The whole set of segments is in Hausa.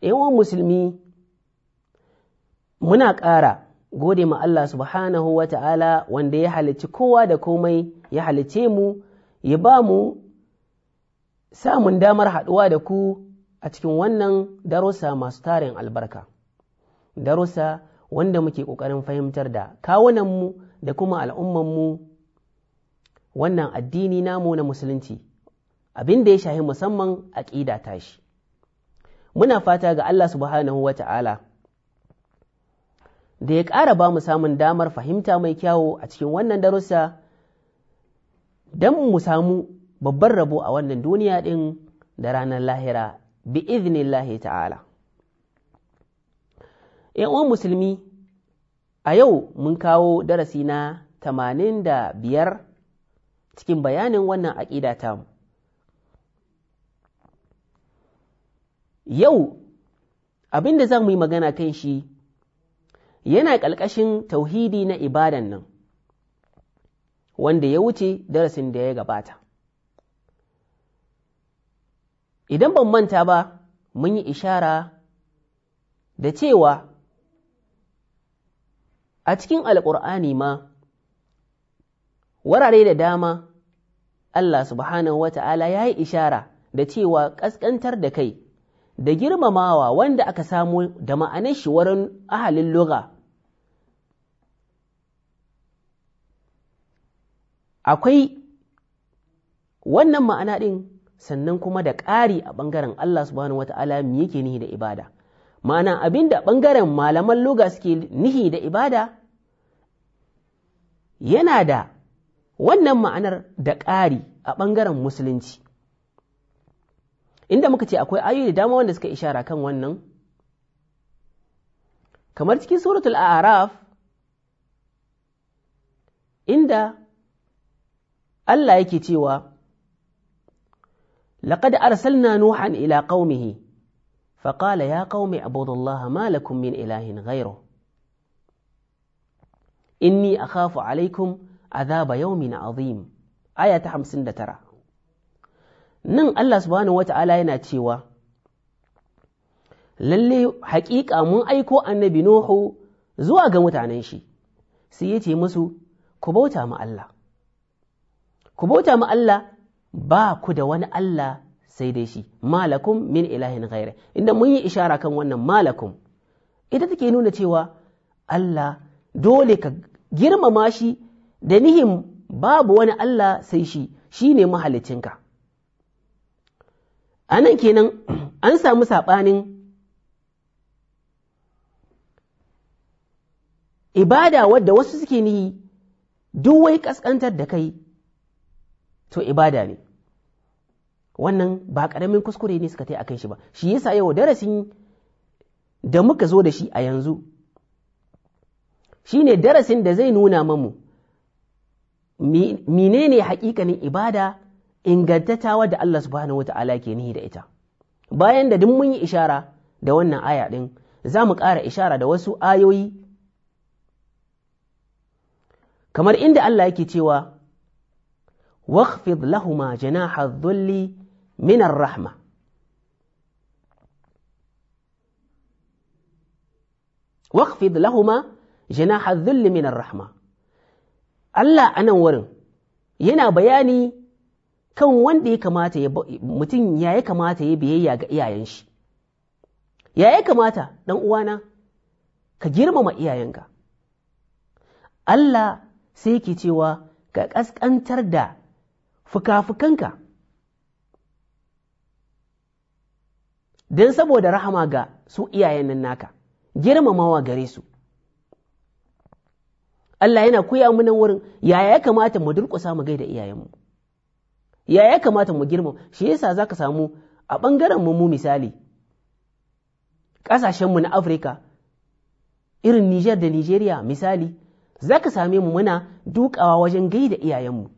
yawan musulmi muna ƙara gode ma Allah subhanahu wa ta'ala wanda ya halicci kowa da komai ya halicce mu ya ba mu samun damar haɗuwa da ku a cikin wannan darussa masu tarin albarka darussa wanda muke ƙoƙarin fahimtar da kawunanmu da kuma al'ummanmu wannan addini namu na musulunci abin da ya shahi musamman a aƙida tashi muna fata ga Allah subhanahu wa ta'ala da ya ƙara ba mu samun damar fahimta mai kyawo a cikin wannan darussa don mu samu babban rabo a wannan duniya ɗin da ranar lahira bi iznillahi ta'ala. uwan musulmi a yau mun kawo darasi na tamanin da biyar cikin bayanin wannan aƙida tamu. yau abin da za mu yi magana kan shi yana ƙalƙashin tauhidi na ibadan nan wanda ya wuce darasin da ya gabata idan ban manta ba mun yi ishara da cewa a cikin alƙur'ani ma warare da dama Allah subhanahu wa ta'ala ya yi ishara da cewa ƙasƙantar da kai da girmamawa wanda aka samu da ma'anar shi wurin ahalin lugha akwai wannan ma'ana ɗin sannan kuma da ƙari a ɓangaren Allah subhanahu wata'ala me yake nihi da ibada ma'ana abinda da ɓangaren malaman lugha suke nihi da ibada yana da wannan ma'anar da ƙari a ɓangaren musulunci inda muka ce akwai ayoyi da dama wanda suka ishara kan wannan kamar cikin suratul a'raf inda Allah yake cewa laqad arsalna nuhan ila qaumihi faqala ya qaumi abudullaha ma lakum min ilahin ghayru inni akhafu alaykum azaba yawmin azim ayata tara. nan Allah subhanahu wata'ala yana cewa lalle haƙiƙa mun aiko annabi Nuhu zuwa ga mutanen shi sai yace ce musu ku bauta mu Allah ku bauta mu Allah ba ku da wani Allah sai dai shi malakum min ilahin ghaira inda mun yi ishara kan wannan malakum ita take nuna cewa Allah dole ka girmama shi da nihim babu wani Allah sai shi shine mahalicinka a nan kenan an samu saɓanin ibada wadda wasu suke ni duk wai ƙasƙantar da kai to ibada ne wannan ba ƙaramin kuskure ne suka ta akan shi ba shi yasa yau darasin da muka zo da shi a yanzu shi ne darasin da zai nuna mamu menene haƙiƙanin ibada ingantattawa da Allah subhanahu wata'ala ke nihi da ita bayan da duk mun yi ishara da wannan aya ɗin za mu ƙara ishara da wasu ayoyi kamar inda Allah yake cewa wakfid lahuma جناح الذل من rahma, Allah anan wurin yana bayani kan wanda ya kamata ya mutum ya ya kamata ya biyayya ga iyayen shi ya ya kamata dan uwana ka girmama iyayenka Allah sai yake cewa ka kaskantar da fukafukanka dan don saboda rahama ga su iyayen nan naka girmamawa gare su Allah yana koya nan wurin yaya ya kamata mu durƙusa mu gaida iyayenmu ya ya kamata mu girma shi yasa za ka samu a ɓangaren mu misali ƙasashenmu na afirka irin niger da nigeria misali za ka same mu muna dukawa wajen gaida iyayenmu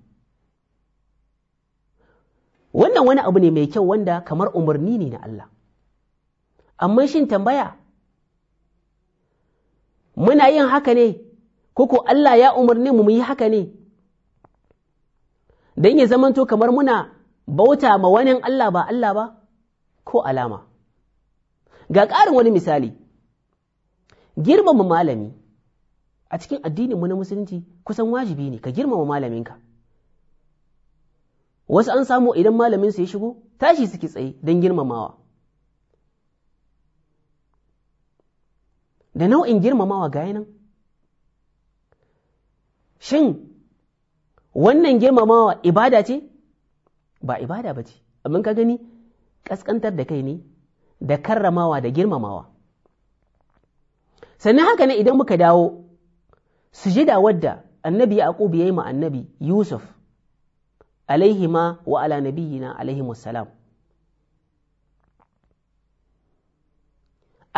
wannan wani abu ne mai kyau wanda kamar umarni ne na Allah amma shin tambaya muna yin haka ne koko Allah ya umarni mu yi haka ne don ya zamanto kamar muna bauta ma wani Allah ba Allah ba ko alama. Ga ƙarin wani misali, girmama malami a cikin addininmu na musulunci kusan wajibi ne ka girmama malaminka. Wasu an samu idan malaminsu ya shigo, tashi suke tsaye don girmamawa. Da nau'in girmamawa ga yanan? Shin wannan girmamawa ibada ce ba ibada ba ce abin ka gani ƙasƙantar da kai ne da karramawa da girmamawa sannan haka ne idan muka dawo su sujida wadda annabi yaqub yi ma annabi yusuf alaihima wa ala nabiyina salam.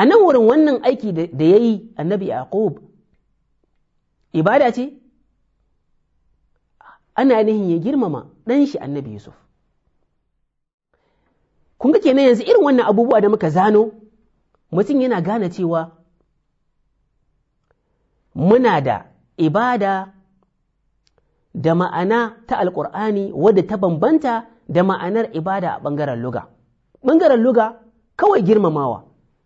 a nan wurin wannan aiki da ya yi annabi yaqub ibada ce ana nihin ya girmama ɗan shi annabi Yusuf. Kun ga kenan yanzu irin wannan abubuwa da muka zano, mutum yana gane cewa muna da ibada da ma'ana ta alƙur'ani wadda ta bambanta da ma'anar ibada a ɓangaren luga. Ɓangaren luga kawai girmamawa,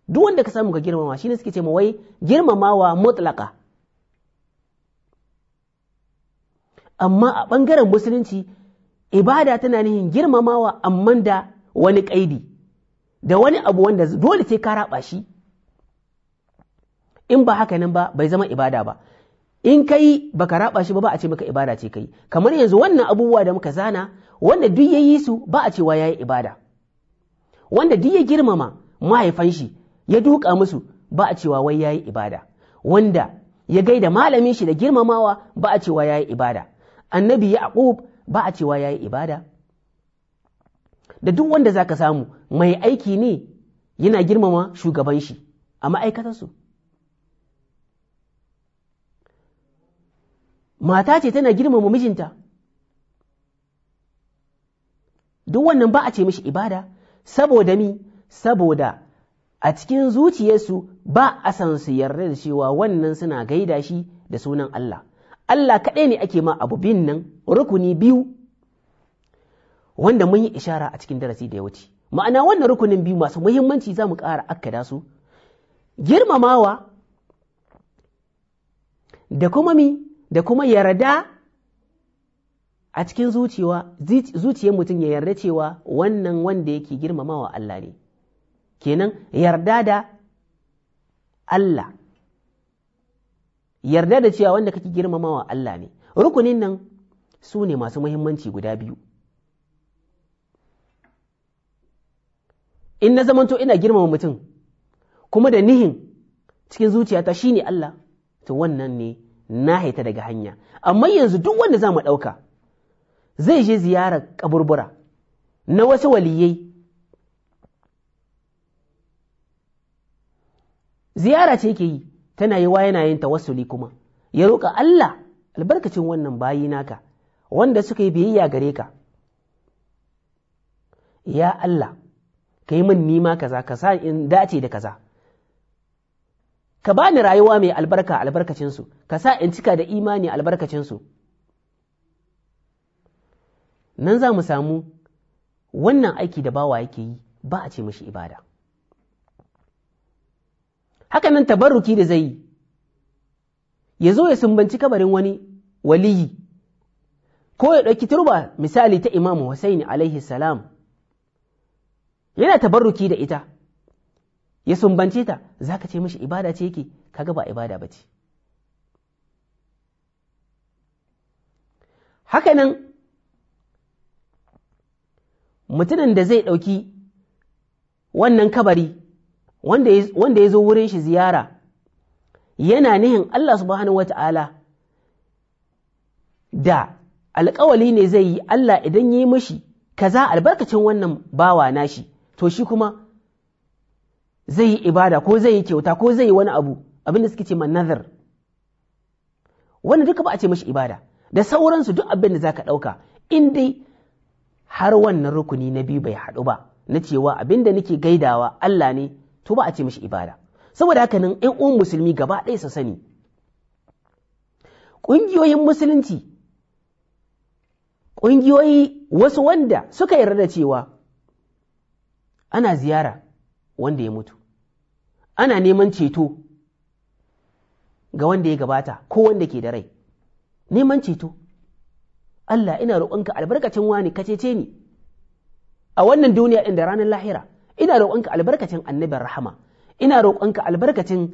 duk wanda ka samu ka girmama shi ne suke ce wai girmamawa mutlaka. amma a ɓangaren musulunci ibada tana nihin girmamawa amma da wani ƙaidi da wani abu wanda dole sai ka raba shi in ba haka nan ba bai zama ibada ba in kai baka raba shi ba ba a ce maka ibada ce kai kamar yanzu wannan abubuwa da muka zana wanda duk ya yi su ba a cewa ya yi ibada wanda duk ya girmama mahaifan shi ya duka musu ba a cewa wai ya yi ibada wanda ya gaida malamin shi da girmamawa ba a cewa ya yi ibada annabi yaqub ba a cewa yayi ibada da duk wanda zaka samu mai aiki ne yana girmama shugaban shi a ma'aikatarsu mata ce tana girmama mijinta duk wannan ba a ce mishi ibada saboda mi saboda a cikin zuciyarsu ba a san su yarda da cewa wannan suna gaida shi da sunan Allah Allah kaɗai ne ake ma abu bin nan rukuni biyu wanda mun yi ishara a cikin darasi da ya wuce ma'ana wannan rukunin biyu masu muhimmanci za mu ƙara akkada su girmamawa da kuma mi da kuma yarda a cikin zuciwa zuciyar mutum ya yarda cewa wannan wanda yake girmamawa Allah ne kenan yarda da Allah yarda da cewa wanda kake girmamawa Allah ne rukunin nan su ne masu muhimmanci guda biyu in na zamanto ina girmama mutum kuma da nihin cikin zuciyata shine Allah to wannan ne na haita daga hanya amma yanzu duk wanda za mu ɗauka zai je ziyarar kaburbura na wasu waliyai ziyara ce yake yi tana yi wa yana yin tawassuli kuma ya roƙa Allah albarkacin wannan bayi naka wanda suka yi biyayya gare ka ya Allah ka yi min nima kaza ka sa in dace da kaza ka bani rayuwa mai albarka albarkacinsu ka sa in cika da imani albarkacinsu nan za mu samu wannan aiki da bawa yake yi ba a ce mashi ibada haka nan tabarruki da zai yi ya zo ya sumbanci kabarin wani waliyi ko ya ɗauki turba misali ta imam Hussein alaihi salam yana tabarruki da ita ya sumbance ta za ka ce mashi ibada ce yake kaga ba ibada ba ce hakanan mutumin da zai ɗauki wannan kabari wanda ya zo wurin shi ziyara yana nihin Allah subhanahu wata'ala da alkawali ne zai yi Allah idan yi mashi kaza albarkacin wannan bawa nashi to shi kuma zai yi ibada ko zai yi kyauta ko zai yi wani abu abin da suke ce man nazar duka ba a ce mashi ibada da sauransu duk abin da zaka ɗauka in dai har wannan rukuni na biyu bai haɗu ba na cewa abinda nake gaidawa Allah ne to ba a ce mishi ibada saboda haka nan ɗan uwan musulmi gaba ɗaya su sani ƙungiyoyin musulunci ƙungiyoyi wasu wanda suka yarda da cewa ana ziyara wanda ya mutu ana neman ceto ga wanda ya gabata ko wanda ke da rai neman ceto Allah ina roƙonka albarkacin wani ka ni a wannan duniya ɗin da ranar lahira ina roƙonka albarkacin annabin rahama ina roƙonka albarkacin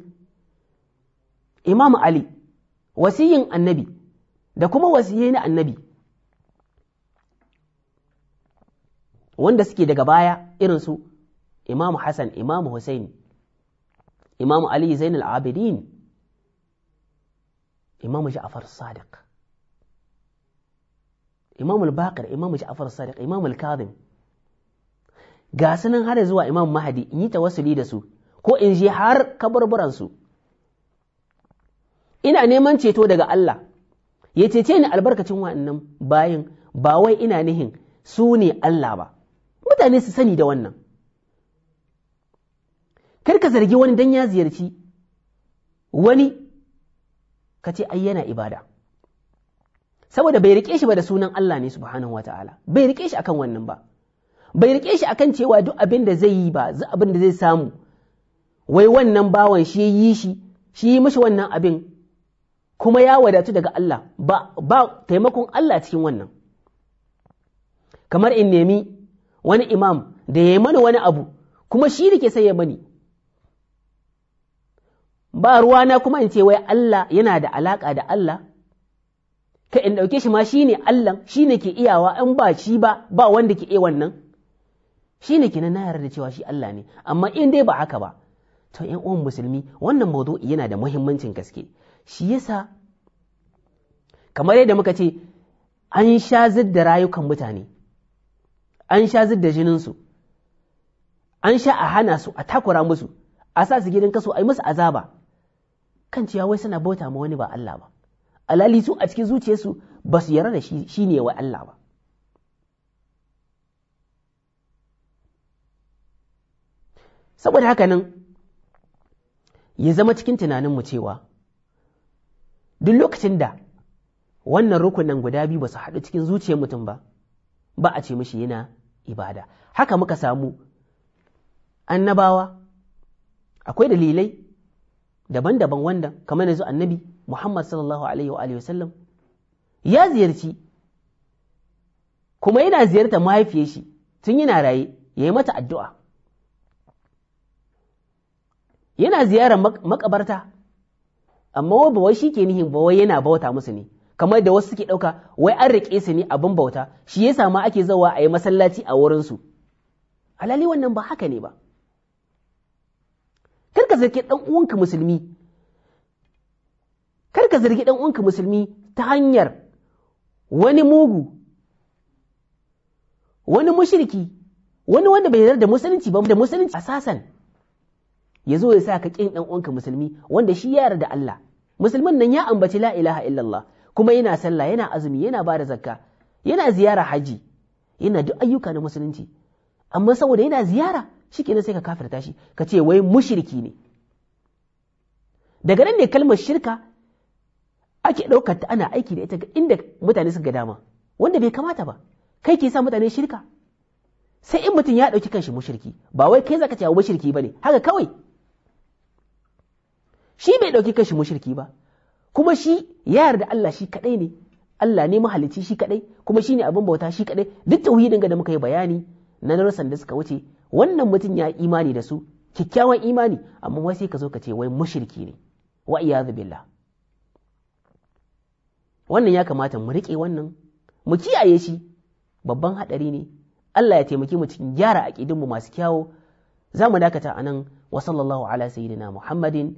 imam ali wasiyin annabi da kuma wasiyai na annabi wanda suke daga baya irinsu imam hassan imam husaini imam ali zainul abidin imam ja'far sadiq imam al-baqir imam ja'far sadiq imam al-kazim ga sunan har zuwa imam mahadi in yi tawassuli da su ko in je har kaburburansu ina neman ceto daga Allah ya cece ni albarkacin wannan bayin ba wai ina nihin su ne Allah ba mutane su sani da wannan kar ka zargi wani dan ya ziyarci wani ka ce ai ibada saboda bai rike shi ba da sunan Allah ne subhanahu wataala bai rike shi akan wannan ba bai rike shi akan cewa duk abin da zai yi ba duk abin da zai samu wai wannan bawan shi yi shi shi yi mishi wannan abin kuma ya wadatu daga Allah ba, ba taimakon Allah cikin wannan kamar in nemi wani imam da ya yi mana wani abu kuma shi da ke sai ya mani ba ruwa na kuma in ce wai Allah yana da alaka da Allah ka in ɗauke shi ma shi ne Allah shi ne ke iyawa in ba shi ba ba wanda ke iya wannan shi ne kenan na da cewa shi Allah ne amma in dai ba haka ba to ƴan uwan musulmi wannan maudu'i yana da muhimmancin gaske shi yasa kamar yadda muka ce an sha da rayukan mutane an sha da su, an sha a hana su a takura musu a sa su gidan kaso a yi musu azaba kan cewa wai suna bauta ma wani ba Allah ba alali su a cikin zuciyarsu ba su yarda da shi ne wa Allah ba saboda haka nan ya zama cikin tunaninmu cewa duk lokacin da wannan rukunin guda biyu ba su haɗu cikin zuciyar mutum ba ba a ce mishi yana ibada haka muka samu annabawa akwai dalilai daban-daban wanda kamar yanzu annabi Muhammad sallallahu alaihi wa sallam ya ziyarci kuma yana ziyarta mahaifiyar shi tun yana raye ya yi mata addu'a yana ziyarar makabarta amma wai ba wai shi ke nihin ba wai yana bauta musu ne kamar da wasu suke ɗauka wai an riƙe su ne abin bauta shi yasa ma ake zawa a yi masallaci a wurinsu alali wannan ba haka ne ba kar ka zargi ɗan uwanka musulmi karka zargi ɗan uwanka musulmi ta hanyar wani mugu wani mushriki wani wanda bai yarda da musulunci ba da musulunci asasan ya zo ya sa ka ƙin ɗan uwanka musulmi wanda shi ya da Allah musulmin nan ya ambaci la ilaha illallah kuma yana sallah yana azumi yana ba da zakka yana ziyara haji yana duk ayyuka na musulunci amma saboda yana ziyara shi kenan sai ka kafirta shi ka ce wai mushriki ne daga nan ne kalmar shirka ake ɗaukar ta ana aiki da ita inda mutane suka ga dama wanda bai kamata ba kai ke sa mutane shirka sai in mutum ya ɗauki kanshi mushriki ba wai kai zaka ce mushriki bane haka kawai shi bai ɗauki kashi mushirki ba kuma shi ya yarda Allah shi kaɗai ne Allah ne mahalicci shi kaɗai kuma shi ne abin bauta shi kaɗai duk tauhidin ga da muka yi bayani na darasan da suka wuce wannan mutum ya imani da su kyakkyawan imani amma wai sai ka zo ka ce wai mushirki ne wa iyadu billah wannan ya kamata mu riƙe wannan mu kiyaye shi babban haɗari ne Allah ya taimake mu cikin gyara aƙidinmu masu kyawo za mu dakata a nan wa sallallahu ala sayyidina Muhammadin